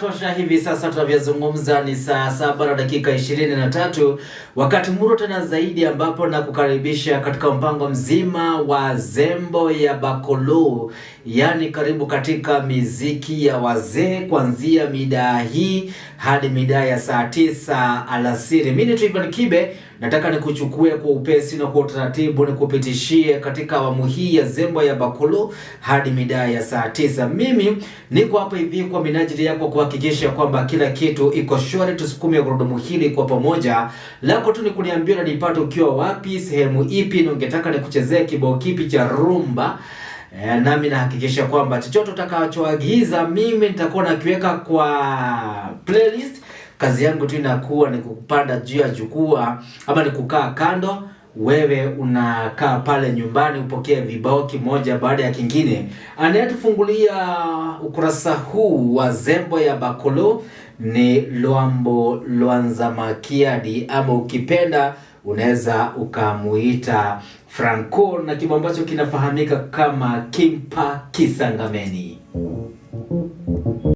Tosha hivi sasa tunavyozungumza ni saa saba na dakika ishirini na tatu wakati muro tena zaidi, ambapo nakukaribisha katika mpango mzima wa Zembo ya Bakolo, yaani karibu katika miziki ya wazee kuanzia midaa hii hadi midaa ya saa tisa alasiri. Mimi ni Ivan Kibe, nataka nikuchukue kwa upesi na kwa utaratibu nikupitishie katika awamu hii ya Zembo ya Bakolo hadi midaa ya saa tisa. Mimi niko hapa hivi kwa minajili yako kwa kuhakikisha kwamba kila kitu iko shwari. Tusukume gurudumu hili kwa pamoja. Lako tu ni kuniambia nanipate ukiwa wapi, sehemu ipi, na ungetaka nikuchezee kibao kipi cha rumba. E, nami nahakikisha kwamba chochote utakachoagiza mimi nitakuwa nakiweka kwa playlist. Kazi yangu tu inakuwa ni kupanda juu ya jukwaa ama ni kukaa kando wewe unakaa pale nyumbani upokee vibao kimoja baada ya kingine. Anayetufungulia ukurasa huu wa Zembo ya Bakolo ni Lwambo Lwanzamakiadi, ama ukipenda unaweza ukamuita Franco, na kibao ambacho kinafahamika kama Kimpa Kisangameni.